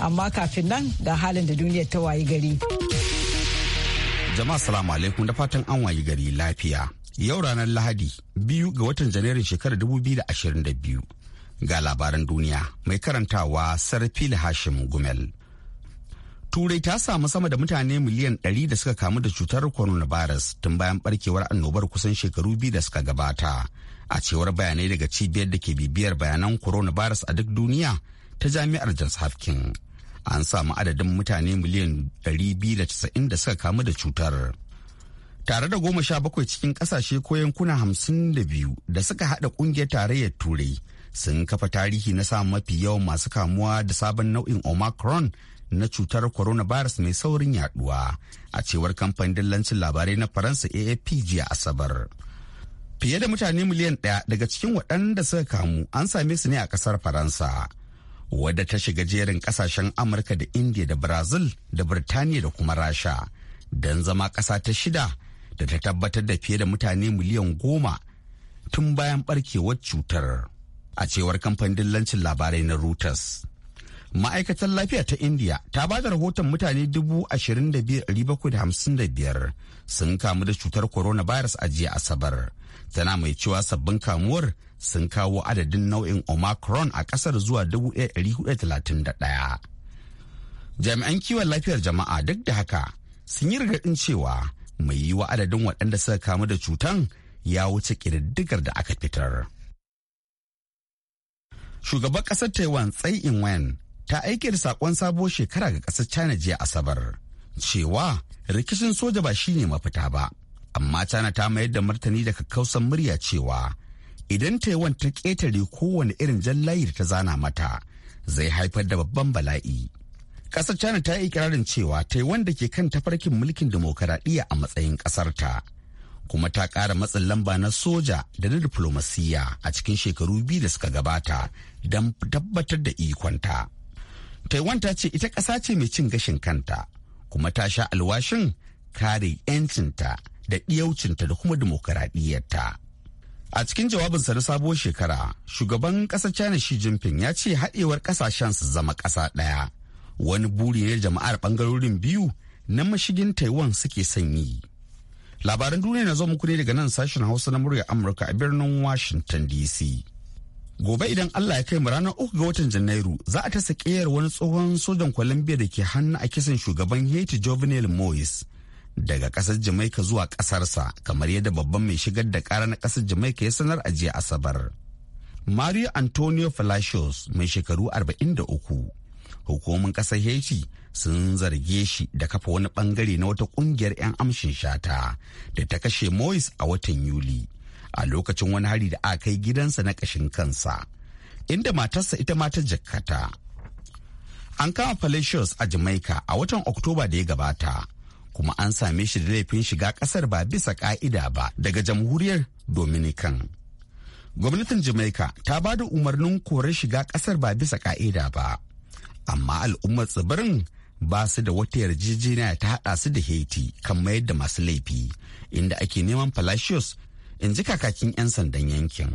amma kafin nan ga halin da duniyar ta wayi gari. Jama'a salamu alaikum da fatan an wayi gari lafiya. Yau ranar Lahadi biyu ga watan Janairun shekarar da biyu. ga labaran duniya mai karantawa Sarfil Hashim Gumel. Turai ta samu sama da mutane miliyan ɗari da suka kamu da cutar coronavirus tun bayan barkewar annobar kusan shekaru biyu da suka gabata. A cewar bayanai daga cibiyar da ke bibiyar bayanan coronavirus a duk duniya ta jami'ar Johns Hopkins. An samu adadin mutane miliyan 290 da suka kamu da cutar. Tare da goma sha bakwai cikin kasashe ko yankuna hamsin da biyu da suka haɗa ƙungiyar tarayyar Turai sun kafa tarihi na samun mafi yawan masu kamuwa da sabon nau'in Omicron na cutar coronavirus mai saurin yaduwa a cewar kamfanin dillancin labarai na faransa afp jiya asabar fiye da mutane miliyan ɗaya daga cikin waɗanda suka kamu an same su ne a ƙasar faransa wadda ta shiga jerin kasashen amurka da india da brazil da birtaniya da kuma rasha don zama kasa ta shida da ta tabbatar da fiye da mutane miliyan goma tun bayan barkewar cutar a cewar kamfanin dillancin labarai na reuters ma'aikatar lafiya ta india ta ba da rahoton mutane 25,755 sun kamu da cutar coronavirus a jiya asabar tana mai cewa sabbin kamuwar sun kawo adadin nau'in omicron a kasar zuwa 1,431 jami'an kiwon lafiyar jama'a duk da haka sun yi rigaɗin cewa mai yi wa adadin waɗanda suka kamu da cutan ya wuce ƙididdigar da aka fitar shugaban ƙasar taiwan tsai in wen ta aike da sakon sabuwar shekara ga kasar china jiya asabar cewa rikicin soja ba shine mafita ba amma china ta mayar da martani da kakkausan murya cewa idan taiwan ta ketare kowane irin jallayi da ta zana mata zai haifar da babban bala'i kasar china ta yi kirarin cewa taiwan wanda ke kan tafarkin mulkin demokaradiyya a matsayin kasarta kuma ta ƙara matsin lamba na soja da na diflomasiyya a cikin shekaru biyu da suka gabata don tabbatar da ikonta. taiwan ta ce ita ƙasa ce mai cin gashin kanta kuma ta sha alwashin kare 'yancinta da ɗiyaucinta da kuma dimokuraɗiyyarta. A cikin jawabinsa na sabuwar shekara, shugaban ƙasar China Xi Jinping ya ce haɗewar ƙasashen su zama ƙasa ɗaya. Wani buri ne jama'ar ɓangarorin biyu na mashigin Taiwan suke sanyi. Labaran duniya na zo muku ne daga nan sashen Hausa na murya Amurka a birnin Washington DC. gobe idan allah ya kai mu ranar uku ga watan janairu za a ta ƙeyar wani tsohon sojan colombia da ke hannu a kisan shugaban haiti jovenel moise daga ƙasar jamaica zuwa ƙasarsa kamar yadda babban mai shigar da ƙara na ƙasar jamaica ya sanar a jiya asabar mario antonio palacios mai shekaru 43 hukumomin ƙasar haiti sun zarge shi da kafa wani bangare na wata kungiyar 'yan amshin shata da ta kashe moise a watan yuli a lokacin wani hari da aka kai gidansa na ƙashin kansa inda matarsa ita ma ta jakkata an kama Palacios a Jamaica a watan Oktoba da ya gabata kuma an same shi da laifin shiga kasar ba bisa ka'ida ba daga jamhuriyar Dominican. Gwamnatin Jamaica ta ba da umarnin korar shiga kasar ba bisa ka'ida ba, amma al'ummar tsibirin ba su da wata yarjejeniya ta haɗa su da Haiti kan mayar da masu laifi, inda ake neman Palacios in ji kakakin 'yan sandan yankin.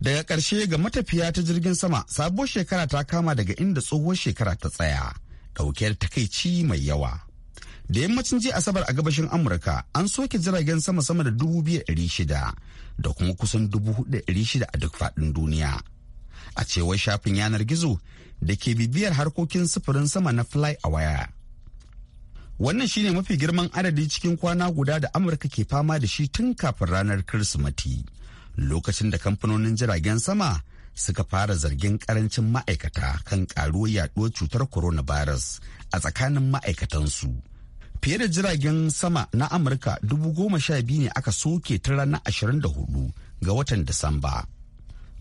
Daga ƙarshe ga matafiya ta jirgin sama sabuwar shekara ta kama daga inda tsohuwar shekara ta tsaya ɗauke takaici mai yawa. Da yammacin ji Asabar a gabashin Amurka an soke jiragen sama sama da dubu shida da kuma kusan dubu shida a duk faɗin duniya. A cewar shafin yanar gizo da ke bibiyar harkokin sufurin sama na fly a waya. Wannan shine mafi girman adadi cikin kwana guda da Amurka ke fama da shi tun kafin ranar Kirsimati. Lokacin da kamfanonin jiragen sama suka fara zargin karancin ma'aikata kan karuwar yaduwar cutar coronavirus a tsakanin ma'aikatansu. Fiye da jiragen sama na Amurka dubu goma sha biyu ne aka soke ta ranar ashirin da hudu ga watan Disamba.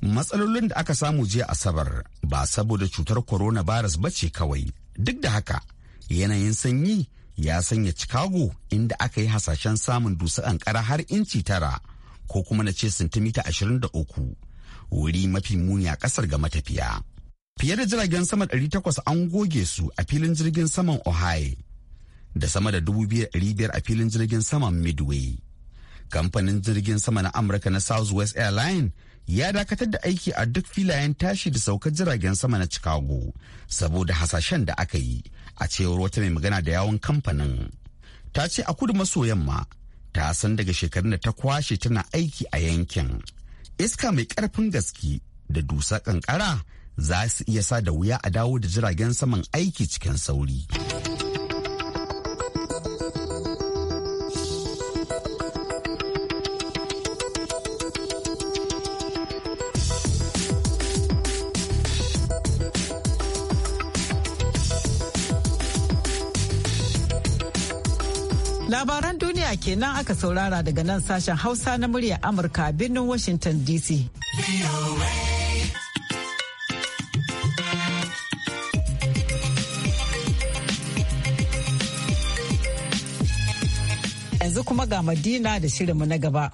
Matsalolin da aka samu jiya Asabar ba saboda cutar coronavirus ba ce kawai. Duk da haka, yanayin sanyi ya sanya Chicago inda aka yi hasashen samun dusa kankara har inci tara ko kuma na ce sintimita 23 wuri mafi muni a kasar ga matafiya. Fiye da jiragen sama 800 an goge su a filin jirgin saman Ohio da sama da 2,500 a filin jirgin saman Midway. Kamfanin jirgin sama na Amurka na Southwest Airlines ya dakatar da aiki a duk filayen tashi da saukar jiragen sama na Chicago saboda hasashen da aka yi a cewar wata mai magana da yawon kamfanin. Ta ce a kudu maso yamma ta san daga shekarun da ta kwashe tana aiki a yankin. Iska mai karfin gaske da dusa kankara za su iya sa da wuya a dawo da jiragen saman aiki cikin sauri. kenan aka saurara daga nan sashen Hausa na muryar Amurka birnin Washington DC. Yanzu kuma ga Madina da shirinmu na gaba.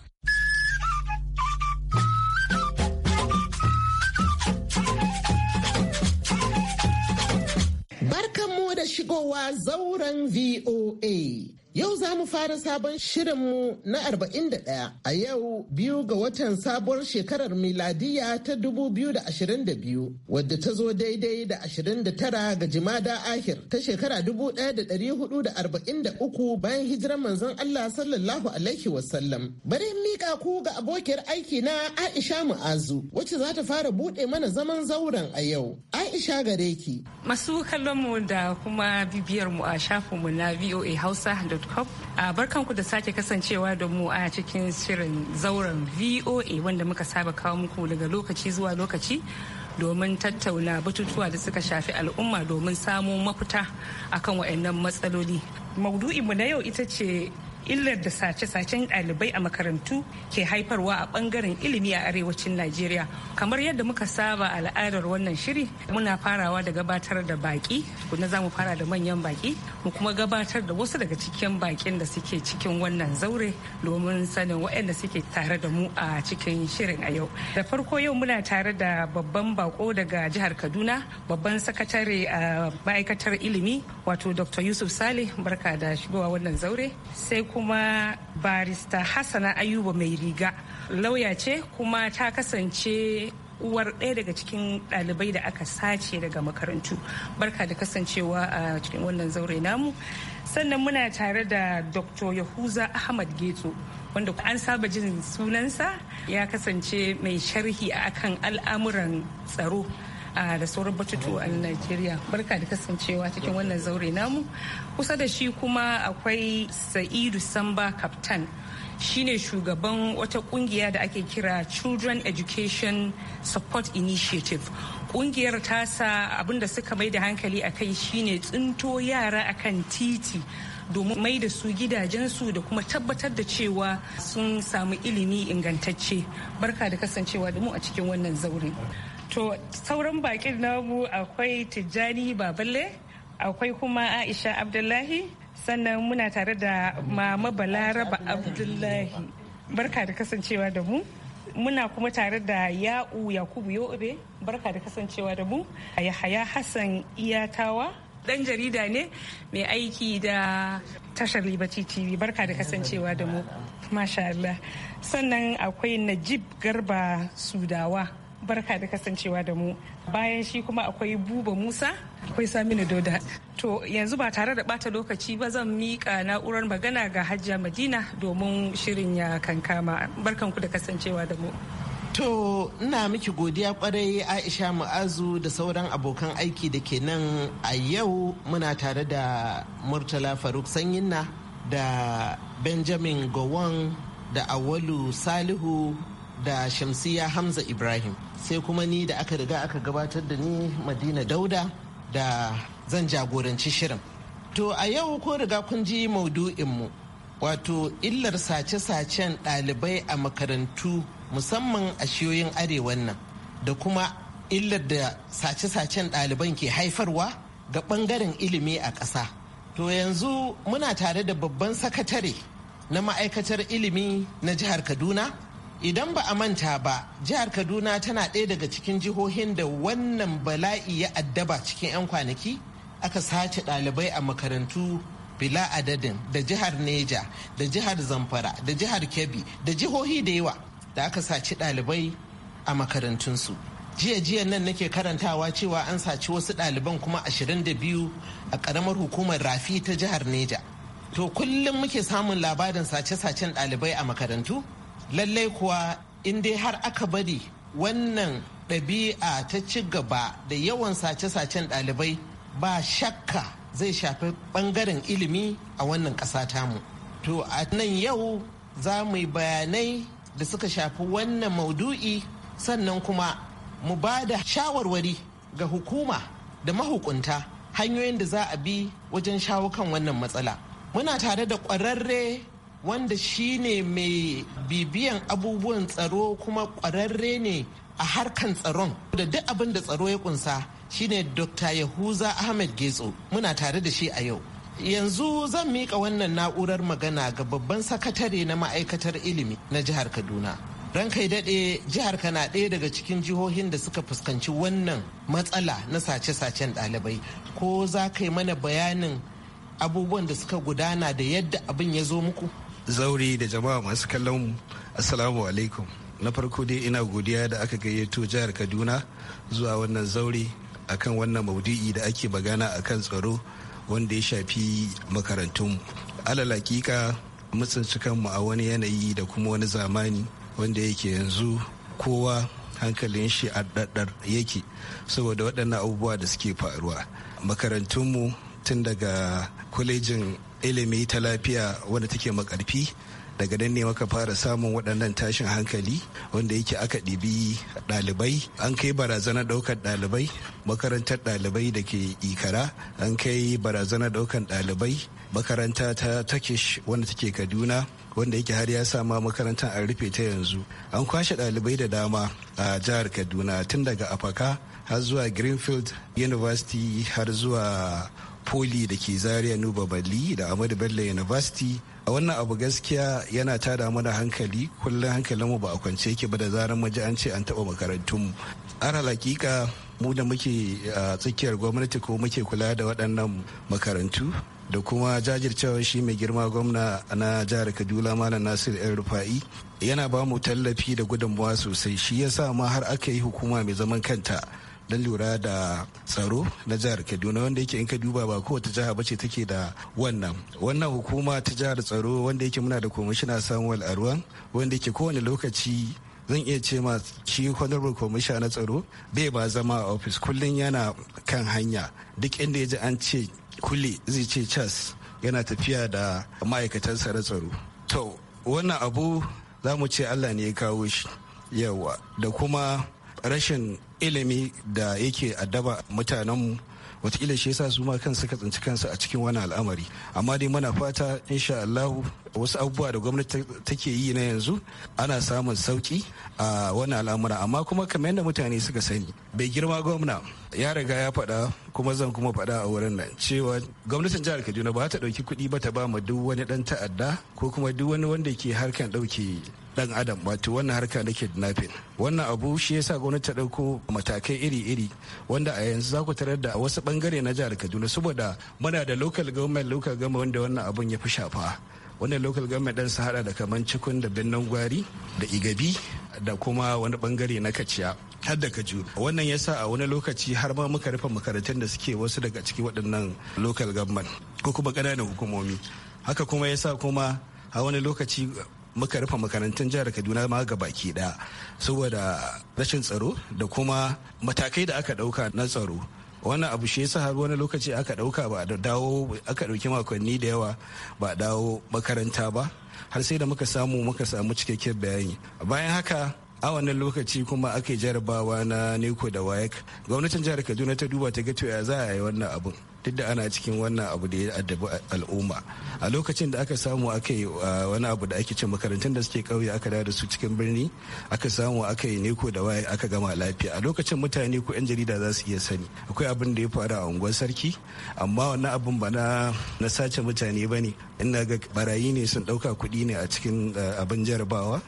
Barkanmu da shigowa zauren VOA. Yau za mu fara sabon shirinmu na 41 a yau biyu ga watan sabuwar shekarar miladiya ta 2022 wadda ta zo daidai da 29 ga jimada ahir ta shekara 1443 bayan hijirar manzon Allah sallallahu alaihi wasallam. Bari mika ku ga abokiyar aiki na Aisha Mu'azu wacce za ta fara bude mana zaman zauren a yau. Aisha gare ki. Masu kallonmu da kuma bibiyarmu a shafinmu na VOA Hausa da A barkanku da sake kasancewa da mu a cikin shirin zauren VOA wanda muka saba kawo muku daga lokaci zuwa lokaci domin tattauna batutuwa da suka shafi al'umma domin samun mafita akan waɗannan matsaloli. Maudu'inmu na yau ita ce illar da sace-sacen ɗalibai a makarantu ke haifarwa a bangaren ilimi a arewacin Najeriya. Kamar yadda muka saba al'adar wannan shiri, muna farawa da gabatar da baƙi, kuna za mu fara da manyan baki mu kuma gabatar da wasu daga cikin bakin da suke cikin wannan zaure domin sanin waɗanda suke tare da mu a cikin shirin a yau. Da farko yau muna tare da babban bako daga jihar Kaduna, babban sakatare a ma'aikatar ilimi, wato Dr. Yusuf sale barka da shigowa wannan zaure. Sai kuma barista Hassana Ayuba mai riga lauya ce kuma ta kasance uwar ɗaya daga cikin ɗalibai da aka sace daga makarantu barka da kasancewa a cikin wannan zaure namu sannan muna tare da dr yahuza ahmad getso wanda an saba jin sunansa ya kasance mai sharhi akan al'amuran tsaro da sauran batutu a Najeriya. Barka da kasancewa cikin wannan zaure namu. Kusa da shi kuma akwai Sa'idu Samba Kaftan. ne shugaban wata kungiya da ake kira Children Education Support Initiative. Kungiyar tasa abinda suka mai da hankali a kai shine tsinto yara akan titi domin mai da su gidajensu da kuma tabbatar da cewa sun samu ilimi ingantacce. Barka da kasancewa da mu a cikin wannan zaure. To sauran bakin namu akwai Tijjani Baballe, akwai kuma Aisha Abdullahi, sannan muna tare da Mama Balaraba Abdullahi. Barka da kasancewa da mu. Muna kuma tare da Ya'u Yakubu Yobe, barka da kasancewa da mu. Yahaya Hassan Iyatawa, dan jarida ne mai aiki da tashar Liberty TV, barka da kasancewa da mu. Masha Allah. Sannan akwai Najib Garba Sudawa. barka da kasancewa da mu bayan shi kuma akwai buba musa akwai saminu Doda to yanzu ba tare da bata lokaci ba zan miƙa na'urar magana ga hajjiya madina domin shirin ya kankama barkanku da kasancewa da mu To ina miki godiya kwarai Aisha Mu'azu da sauran abokan aiki da ke nan a yau muna tare da Murtala Faruk Sanyinna da Benjamin Gowon da Awalu Salihu da shamsiya hamza ibrahim sai kuma ni da aka riga aka gabatar da ni madina dauda da zan jagoranci shirin to a yau ko riga kun ji mu. wato illar sace-sacen ɗalibai a makarantu musamman a shiyoyin arewan nan da kuma illar da sace-sacen ɗaliban ke haifarwa ga ɓangaren ilimi a ƙasa to yanzu muna tare da babban sakatare na ma'aikatar ilimi na jihar kaduna Idan ba a manta ba, jihar Kaduna tana ɗaya daga cikin jihohin da wannan bala'i ya addaba cikin 'yan kwanaki aka sace ɗalibai a makarantu bila adadin da jihar Neja, da jihar Zamfara, da jihar Kebbi, da jihohi da yawa da aka sace ɗalibai a makarantunsu. jiya jiya nan nake karantawa cewa an saci wasu ɗaliban kuma 22 a karamar hukumar rafi ta jihar neja to kullum muke samun labarin sace-sacen ɗalibai a makarantu lallai kuwa in dai har aka bari wannan ɗabi'a ta ci gaba da yawan sace-sacen ɗalibai ba shakka zai shafi ɓangaren ilimi a wannan ƙasa tamu to a nan yau za mu yi bayanai da suka shafi wannan maudu'i sannan kuma mu ba da shawarwari ga hukuma da mahukunta hanyoyin da za a bi wajen shawo kan wannan matsala muna tare da ƙwararre wanda shi ne mai bibiyan abubuwan tsaro kuma kwararre ne a harkan tsaron da duk abin da tsaro ya kunsa shine dr yahuza ahmed getso muna tare da shi a yau yanzu zan mika wannan na'urar magana ga babban sakatare na ma'aikatar ilimi na jihar kaduna rankai daɗe jihar kana ɗaya daga cikin jihohin da suka fuskanci wannan matsala na sace-sacen ɗalibai ko za ka yi mana bayanin abubuwan da suka gudana da yadda abin ya zo muku zauri da jama'a masu kallon mu assalamu alaikum na farko dai ina godiya da aka gayyato jihar kaduna zuwa wannan zauri akan wannan maudu'i da ake magana akan tsaro wanda ya shafi makarantun alal hakika mutsinci a wani yanayi da kuma wani zamani wanda yake yanzu kowa hankalin shi a daddar yake saboda waɗannan abubuwa da suke faruwa makarantunmu tun daga kwalejin ilimi ta lafiya wanda take makarfi daga nan ne maka fara samun waɗannan tashin hankali wanda yake aka ɗibi ɗalibai an kai barazana ɗaukar ɗalibai makarantar ɗalibai da ke ikara an kai barazanar ɗaukar ɗalibai makaranta ta takish wanda take kaduna wanda yake har ya sama makarantar an rufe ta yanzu an kwashe ɗalibai da dama a jihar kaduna tun daga afaka har zuwa greenfield university har zuwa poli da ke zaria nuba bali da ahmadu bello university a wannan abu gaskiya yana tada mana hankali kullum hankalinmu ba a kwance yake ba da zarar maji an ce an taɓa makarantunmu an hakika mu da muke a tsakiyar gwamnati ko muke kula da waɗannan makarantu da kuma jajircewa shi mai girma gwamna na jihar kaduna malam nasir yan rufa'i yana ba mu tallafi da gudunmawa sosai shi ya sa ma har aka yi hukuma mai zaman kanta don lura da tsaro na jihar kaduna wanda yake in ka duba ba kowace jiha bace take da wannan wannan hukuma ta jihar tsaro wanda yake muna da kwamishina samuel arwan wanda yake kowane lokaci zan iya ce ma shi honorable commissioner na tsaro bai ba zama a ofis kullum yana kan hanya duk inda ya ji an ce kule zai ce cas yana tafiya da ma'aikatansa na tsaro to wannan abu za mu ce allah ne ya kawo shi yawa da kuma rashin ilimi da yake addaba mutanenmu watakila shi yasa su ma kansu suka tsinci kansu a cikin wani al'amari amma dai muna fata insha allahu wasu abubuwa da gwamnati take yi na yanzu ana samun sauki a wannan al'amura amma kuma kamar yadda mutane suka sani bai girma gwamna ya riga ya faɗa kuma zan kuma faɗa a wurin nan cewa gwamnatin jihar kaduna ba ta ɗauki kuɗi ba ta ba ma duk wani ɗan ta'adda ko kuma duk wani wanda ke harkar ɗauke dan adam wato wannan harka da kidnapping wannan abu shi yasa gwamnati ta ɗauko matakai iri-iri wanda a yanzu za ku tarar da wasu bangare na jihar kaduna saboda muna da local government local government wanda wannan abun ya fi shafa wannan local government ɗin su hada da kaman cikun da binnan gwari da igabi da kuma wani bangare na kaciya har da kajuru wannan ya sa a wani lokaci har ma muka rufe makarantun da suke wasu daga ciki waɗannan local government ko kuma ƙananan hukumomi haka kuma ya sa kuma a wani lokaci muka rufe makarantun jihar kaduna ma ga baki ɗaya saboda rashin tsaro da kuma matakai da aka ɗauka na tsaro wannan abu shi yasa har wani lokaci aka dauka ba dawo aka dauki makonni da yawa ba a dawo makaranta ba har sai da muka samu muka samu cikakken bayani bayan haka a wannan lokaci kuma aka jarabawa na neko da wayek gwamnatin jihar kaduna ta duba ta ga to ya za a yi wannan abun duk da ana cikin wannan abu da ya addabi al'umma a lokacin da aka samu aka yi uh, wani abu da ake cin makarantun da suke kauye aka dawo da su cikin birni aka samu aka yi neko da waye aka gama lafiya a lokacin mutane ko 'yan jarida za su iya sani akwai abin da ya faru a unguwar sarki amma wannan abin ba na sace mutane ba ne ina ga barayi ne sun dauka kuɗi ne a cikin uh, abin jarabawa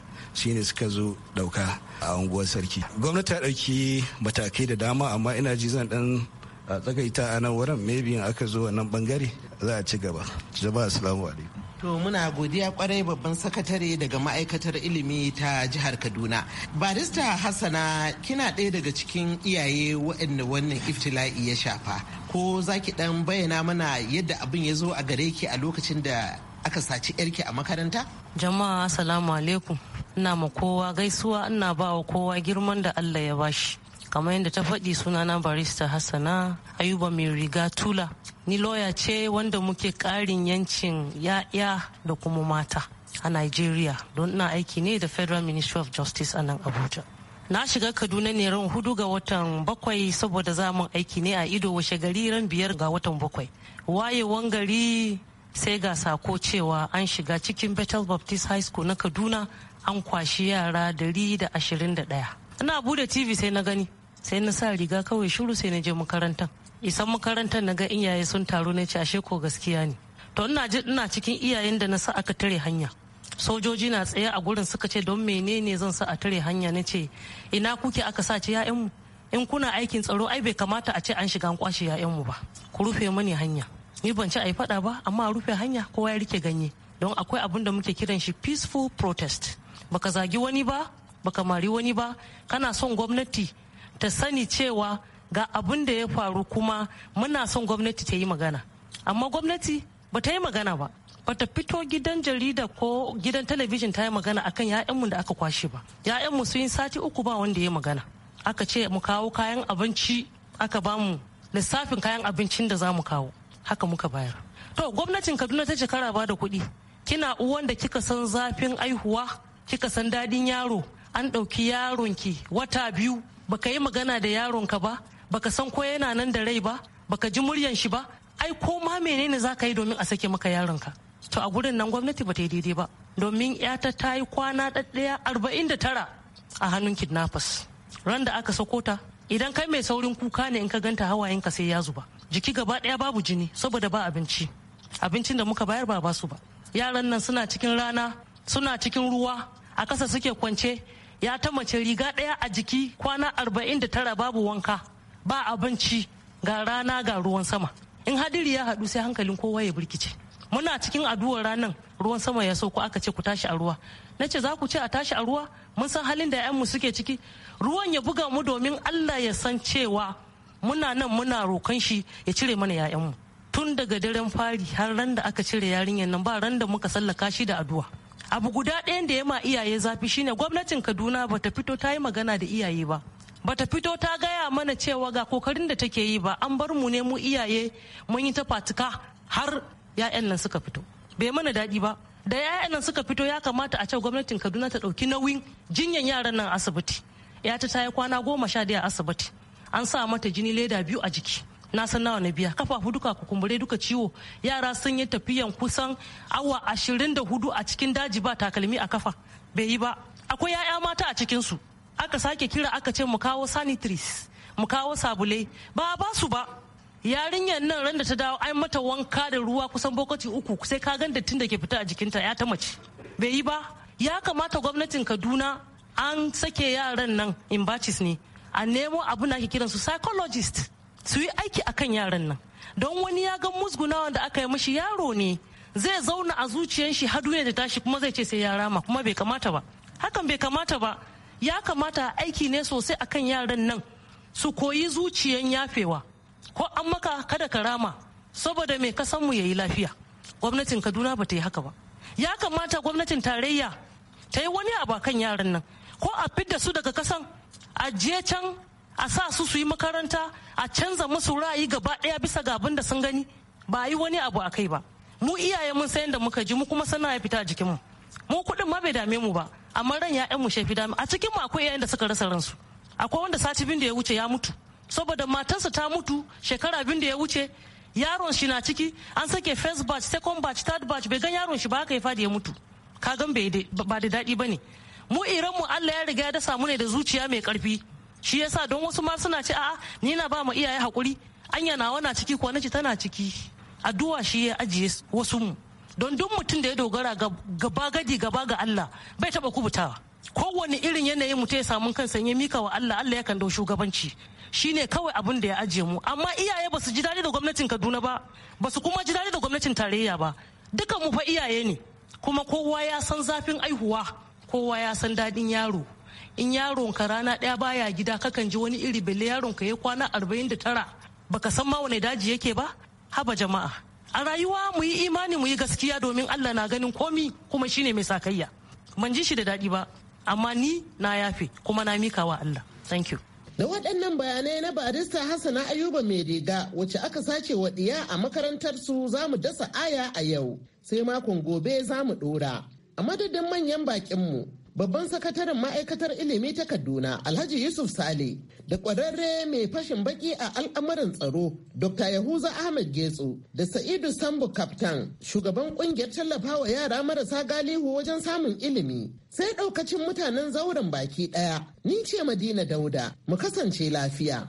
ne suka zo ɗauka a unguwar sarki gwamnati ta ɗauki matakai da dama amma ina ji zan dan a tsakaita a nan wurin maybe aka zo nan bangare za a ci gaba jaba asalamu alaikum To muna godiya kwarai babban sakatare daga ma'aikatar ilimi ta jihar Kaduna. Barista Hassana kina ɗaya daga cikin iyaye waɗanda wannan iftila'i ya shafa. Ko za ki ɗan bayyana mana yadda abin ya zo a gare ki a lokacin da aka saci yarki a makaranta? Jama'a salamu alaikum. Ina ma kowa gaisuwa ina ba wa kowa girman da Allah ya bashi. kamar yadda ta faɗi sunana barista hassana ayuba mai riga tula ni loya ce wanda muke ƙarin yancin ya'ya da kuma mata a nigeria don ina aiki ne da federal ministry of justice a nan abuja na shiga kaduna ne ran hudu ga watan bakwai saboda zamun aiki ne a ido washe gari ran biyar ga watan bakwai wayewan gari sai ga sako cewa an shiga cikin bethel baptist high school na kaduna an kwashi yara dari da ashirin da ɗaya. ina bude tv sai na gani sai na sa riga kawai shiru sai na je makarantar isan makarantar na ga iyaye sun taru na ce ashe ko gaskiya ne to ina ina cikin iyayen da na sa aka tare hanya sojoji na tsaye a gurin suka ce don menene zan sa a tare hanya na ce ina kuke aka sace ya'yanmu in kuna aikin tsaro ai bai kamata a ce an shiga an kwashe mu ba ku rufe mani hanya ni ban ci ai fada ba amma rufe hanya kowa ya rike ganye don akwai abin da muke kiran shi peaceful protest baka zagi wani ba baka mari wani ba kana son gwamnati ta sani cewa ga abin da ya faru kuma muna son gwamnati ta yi magana amma gwamnati ba ta yi magana ba ba ta fito gidan jarida ko gidan talabijin ta yi magana akan 'ya'yanmu da aka kwashe ba 'ya'yanmu sun yi sati uku ba wanda ya yi magana aka ce mu kawo kayan abinci aka ba mu lissafin kayan abincin da za mu kawo haka muka bayar to gwamnatin kaduna ta shekara ba da kuɗi kina uwan da kika san zafin aihuwa kika san daɗin yaro an ɗauki yaronki wata biyu baka yi magana da yaron ka ba baka san ko yana nan da rai ba baka ji muryan shi ba ai ko ma menene za ka yi domin a sake maka yaron ka to a gurin nan gwamnati ba ta yi daidai ba domin yata ta yi kwana ɗaɗɗaya arba'in da tara a hannun kidnappers ran da aka sako ta idan kai mai saurin kuka ne in ka ganta hawayenka sai ya zuba jiki gaba ɗaya babu jini saboda ba abinci abincin da muka bayar ba basu ba yaran nan suna cikin rana suna cikin ruwa a kasa suke kwance ya ta mace riga ɗaya a jiki kwana arba'in da tara babu wanka ba abinci ga rana ga ruwan sama in hadiri ya haɗu sai hankalin kowa ya birkice muna cikin aduwar ranar ruwan sama ya sauko aka ce ku tashi a ruwa na ce za ku ce a tashi a ruwa mun san halin da 'yanmu suke ciki ruwan ya buga mu domin allah ya san cewa muna nan muna rokan shi ya cire mana 'ya'yanmu tun daga daren fari har ran da aka cire yarinyar nan ba ran da muka sallaka shi da addu'a abu guda ɗayan da ya ma iyaye zafi shine gwamnatin kaduna bata fito ta yi magana da iyaye ba bata fito ta gaya mana cewa ga kokarin da take yi ba an bar mu ne mu iyaye mun yi ta fatuka har 'ya'yan nan suka fito bai mana daɗi ba da 'ya'yan nan suka fito ya kamata a ce gwamnatin kaduna ta ɗauki nauyin jinyan yaran nan asibiti ya ta yi kwana goma sha daya asibiti an sa mata jini leda biyu a jiki na san nawa na biya kafafu duka kukumbure duka ciwo yara sun yi tafiyan kusan awa ashirin da hudu a cikin daji ba takalmi a kafa bai yi ba akwai 'ya'ya mata a cikin su aka sake kira aka ce mu kawo sanitaries mu kawo sabulai ba a basu ba yarinyar nan ran da ta dawo ai mata wanka da ruwa kusan bokaci uku sai ka gan dattin da ke fita a jikinta ya ta mace bai yi ba ya kamata gwamnatin kaduna an sake yaran nan in bacis ne a nemo abu na ke kiransu psychologist su yi aiki akan yaran nan don wani ya ga musgunawa da aka yi mishi yaro ne zai zauna a zuciyar shi hadu ne da tashi kuma zai ce sai ya rama kuma bai kamata ba hakan bai kamata ba ya kamata aiki ne sosai akan yaran nan su koyi zuciyan yafewa ko an maka kada ka rama saboda mai kasan mu yayi lafiya gwamnatin kaduna ba ta yi haka ba ya kamata gwamnatin tarayya ta yi wani abu akan yaran nan ko a fidda su daga kasan a je can a sa su su yi makaranta a canza musu ra'ayi gaba ɗaya bisa ga abin da sun gani ba yi wani abu a kai ba mu iyaye mun san da muka ji mu kuma sana ya fita a jikinmu mu kuɗin ma bai dame mu ba amma ran ya'yan mu shafi dame a cikin mu akwai iyayen da suka rasa ransu akwai wanda sati bin da ya wuce ya mutu saboda matarsa ta mutu shekara bin da ya wuce yaron shi na ciki an sake first batch second batch third batch bai gan yaron shi ba haka ya fadi ya mutu ka gan bai ba da daɗi ba ne mu iran mu Allah ya riga ya dasa mu ne da zuciya mai karfi shi yasa don wasu ma suna ce a'a ni na ba mu iyaye hakuri anya nawa na ciki ko nace tana ciki addu'a shi ya ajiye wasu mu don duk mutum da ya dogara gaba gadi gaba ga Allah bai taba kubutawa kowane irin yanayin mutum ya samu kansa ya mika wa Allah Allah kan dau shugabanci shine kawai abin da ya ajiye mu amma iyaye basu su ji dadi da gwamnatin Kaduna ba basu kuma ji dadi da gwamnatin tarayya ba dukan mu fa iyaye ne kuma kowa ya san zafin aihuwa kowa ya san dadin yaro in yaron ka rana ɗaya baya gida kakan ji wani iri belle yaron ka ya kwana arba'in da tara baka san ma wani daji yake ba haba jama'a a rayuwa mu yi imani mu yi gaskiya domin Allah na ganin komi kuma shine mai sakayya ban ji shi da daɗi ba amma ni na yafe kuma na mika wa Allah thank you da waɗannan bayanai na barista hassana ayuba mai riga wacce aka sace wa ɗiya a makarantar su za mu dasa aya a yau sai makon gobe za mu ɗora a madadin manyan bakinmu babban sakataren ma'aikatar ilimi ta kaduna alhaji yusuf sale da kwararre mai fashin baki a al'amuran tsaro dr yahuza ahmed getso da sa'idu sambu kaftan shugaban kungiyar tallafawa yara marasa galihu wajen samun ilimi sai ɗaukacin mutanen zauren baki ɗaya, ni ce madina dauda mu kasance lafiya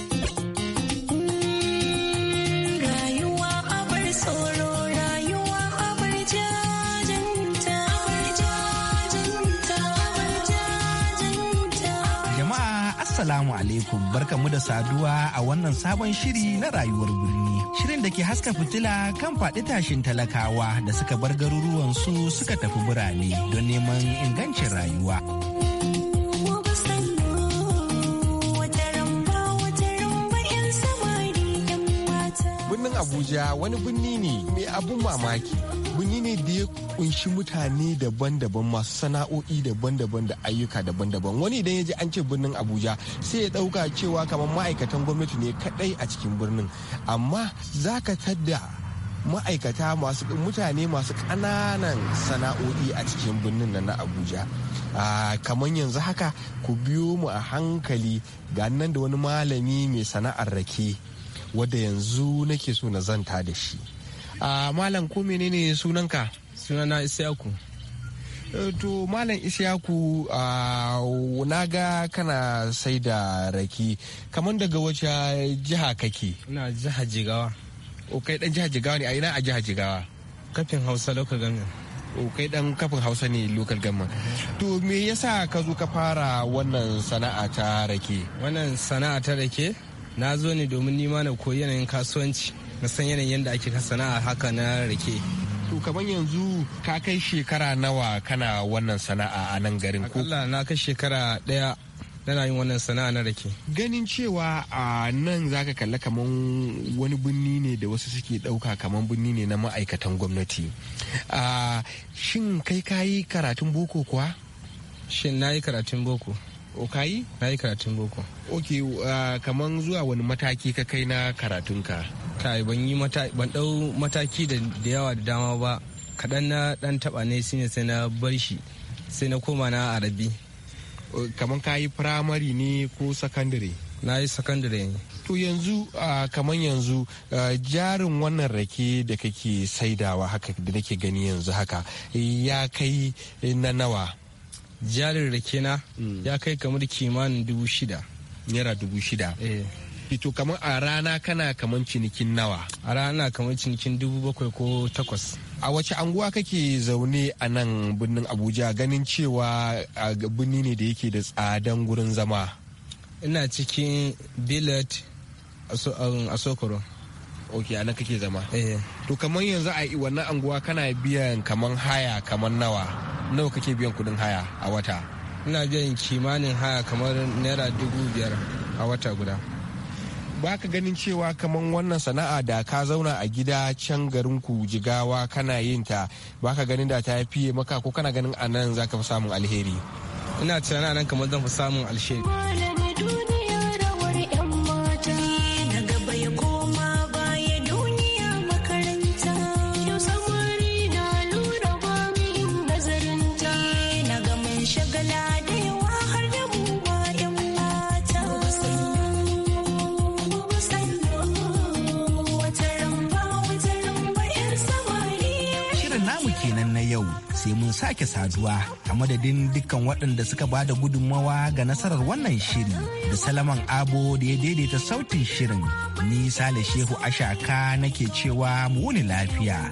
Assalamu alaikum mu da saduwa a wannan sabon shiri na rayuwar birni. Shirin da ke haska fitila kan faɗi tashin talakawa da suka bar garuruwansu suka tafi birane don neman ingancin rayuwa. Abuja wani birni ne mai abun mamaki. Birni ne da ya kunshi mutane daban-daban masu sana'o'i daban-daban da ayyuka daban-daban. Wani idan ya ji an ce birnin Abuja sai ya ɗauka cewa kamar ma'aikatan gwamnati ne kaɗai a cikin birnin. Amma za ka tadda ma'aikata masu mutane masu ƙananan sana'o'i a cikin birnin nan na abuja kamar yanzu haka ku biyo mu a hankali ga nan da wani malami mai sana'ar rake wadda yanzu nake so na zanta da shi a malam ko menene sunanka sunana isiyaku eh, to malam isiyaku na ga kana sai da rake kamar daga wace jiha kake na jiha jigawa o kai dan jiha jigawa ne a ina a jiha jigawa kafin hausa lokal government o kai dan kafin hausa ne lokal government to me yasa ka zo ka fara wannan sana'a ta rake wannan sana'a ta rake na zo ne domin nima na koyi yanayin kasuwanci na san yanayin yadda ake sana'a haka na rake to kamar yanzu ka kai shekara nawa kana wannan sana'a a nan garin ko na kai shekara daya tana yin wannan sana'a na rake. Ganin cewa a nan zaka kalla kaman wani birni ne da wasu suke ɗauka kaman birni ne na ma'aikatan gwamnati. Shin kai kayi karatun boko kuwa? Shin na karatun boko. o kayi na karatun boko ok ah, kaman zuwa wani mataki ka kai na karatunka kai ban yi ban dau mataki da yawa da dama ba kaɗan na ɗan taɓa ne shine sai na bar shi sai na koma na arabi kaman ka yi firamare ne ko sakandare na yi sakandare ne to yanzu ah, kaman kamar yanzu ah, jarin wannan rake da kake saidawa haka da nake gani yanzu haka ya kai na nawa jarin rake na mm. ya kai kamar kimanin dubu shida naira dubu shida eh. Fito kamar a rana kana kamar cinikin nawa a rana kamar cinikin dubu bakwai ko takwas a wace anguwa kake zaune a nan birnin abuja ganin cewa birni ne da yake da tsadan gurin zama ina cikin billet a um, sokoro okay a kake zama eh. to kamar yanzu a wannan anguwa kana biyan kamar haya kamar nawa nawa kake biyan kudin haya a wata ina biyan kimanin haya kamar naira dubu biyar a wata guda ba ka ganin cewa kamar wannan sana'a da ka zauna a gida can garin ku jigawa kana yin ta ba ka ganin da ta fiye maka ko kana ganin a nan za ka fi samun alheri ina tunanin nan kamar zan fi samun alheri mu sake saduwa a madadin dukkan waɗanda suka ba da gudunmawa ga nasarar wannan shiri da salaman abo da ya daidaita sautin shirin ni sale shehu ashaka nake cewa mu wuni lafiya.